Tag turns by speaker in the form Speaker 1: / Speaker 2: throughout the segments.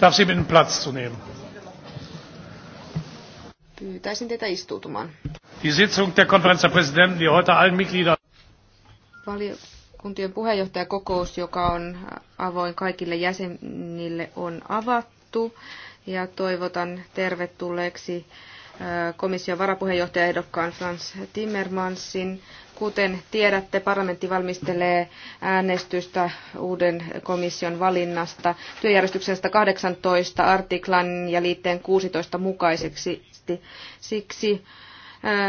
Speaker 1: darf Sie bitten, Platz zu nehmen. Pyytäisin teitä istuutumaan. Die Sitzung der Konferenz der Präsidenten, die heute allen Mitgliedern... Valiokuntien puheenjohtajakokous, joka on avoin kaikille jäsenille, on avattu. Ja toivotan tervetulleeksi komission varapuheenjohtajaehdokkaan Frans Timmermansin. Kuten tiedätte, parlamentti valmistelee äänestystä uuden komission valinnasta työjärjestyksen 18 artiklan ja liitteen 16 mukaiseksi. Siksi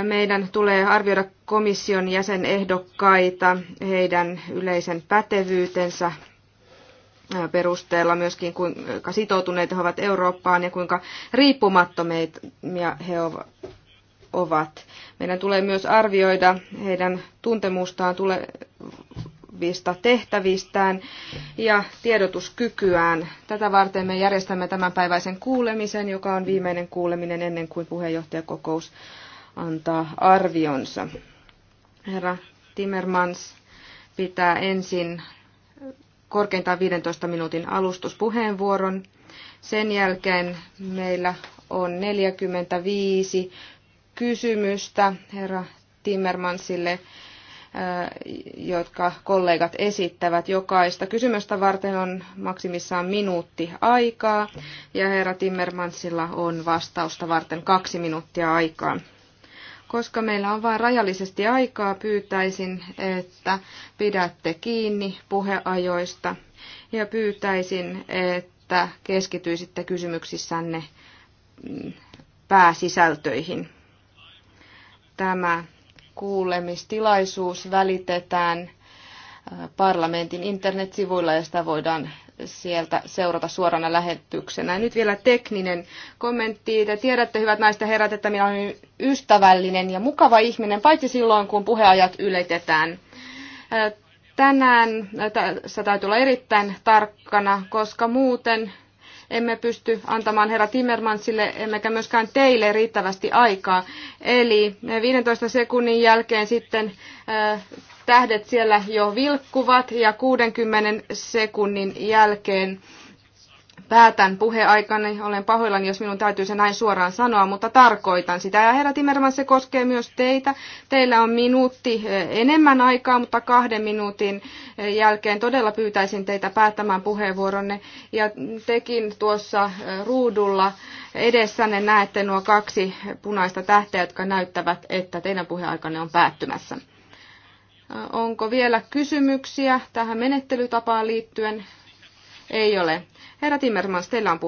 Speaker 1: meidän tulee arvioida komission jäsenehdokkaita, heidän yleisen pätevyytensä, perusteella myöskin, kuinka sitoutuneita he ovat Eurooppaan ja kuinka riippumattomia he ovat. Meidän tulee myös arvioida heidän tuntemustaan tulevista tehtävistään ja tiedotuskykyään. Tätä varten me järjestämme tämänpäiväisen kuulemisen, joka on viimeinen kuuleminen ennen kuin puheenjohtajakokous antaa arvionsa. Herra Timmermans pitää ensin korkeintaan 15 minuutin alustuspuheenvuoron. Sen jälkeen meillä on 45 kysymystä herra Timmermansille, äh, jotka kollegat esittävät. Jokaista kysymystä varten on maksimissaan minuutti aikaa ja herra Timmermansilla on vastausta varten kaksi minuuttia aikaa. Koska meillä on vain rajallisesti aikaa, pyytäisin, että pidätte kiinni puheajoista ja pyytäisin, että keskityisitte kysymyksissänne mm, pääsisältöihin. Tämä kuulemistilaisuus välitetään parlamentin internetsivuilla ja sitä voidaan sieltä seurata suorana lähetyksenä. Ja nyt vielä tekninen kommentti. Te tiedätte, hyvät naista ja herrat, että minä olen ystävällinen ja mukava ihminen, paitsi silloin, kun puheajat yletetään. Äh, tänään äh, tässä täytyy olla erittäin tarkkana, koska muuten emme pysty antamaan herra Timmermansille emmekä myöskään teille riittävästi aikaa. Eli 15 sekunnin jälkeen sitten äh, tähdet siellä jo vilkkuvat ja 60 sekunnin jälkeen päätän puheaikani. Olen pahoillani, jos minun täytyy se näin suoraan sanoa, mutta tarkoitan sitä. Ja herra Timerman, se koskee myös teitä. Teillä on minuutti eh, enemmän aikaa, mutta kahden minuutin eh, jälkeen todella pyytäisin teitä päättämään puheenvuoronne. Ja tekin tuossa eh, ruudulla edessänne näette nuo kaksi punaista tähteä, jotka näyttävät, että teidän puheaikanne on päättymässä. Onko vielä kysymyksiä tähän menettelytapaan liittyen? Ei ole. Herra Timmermans, teillä on puhe.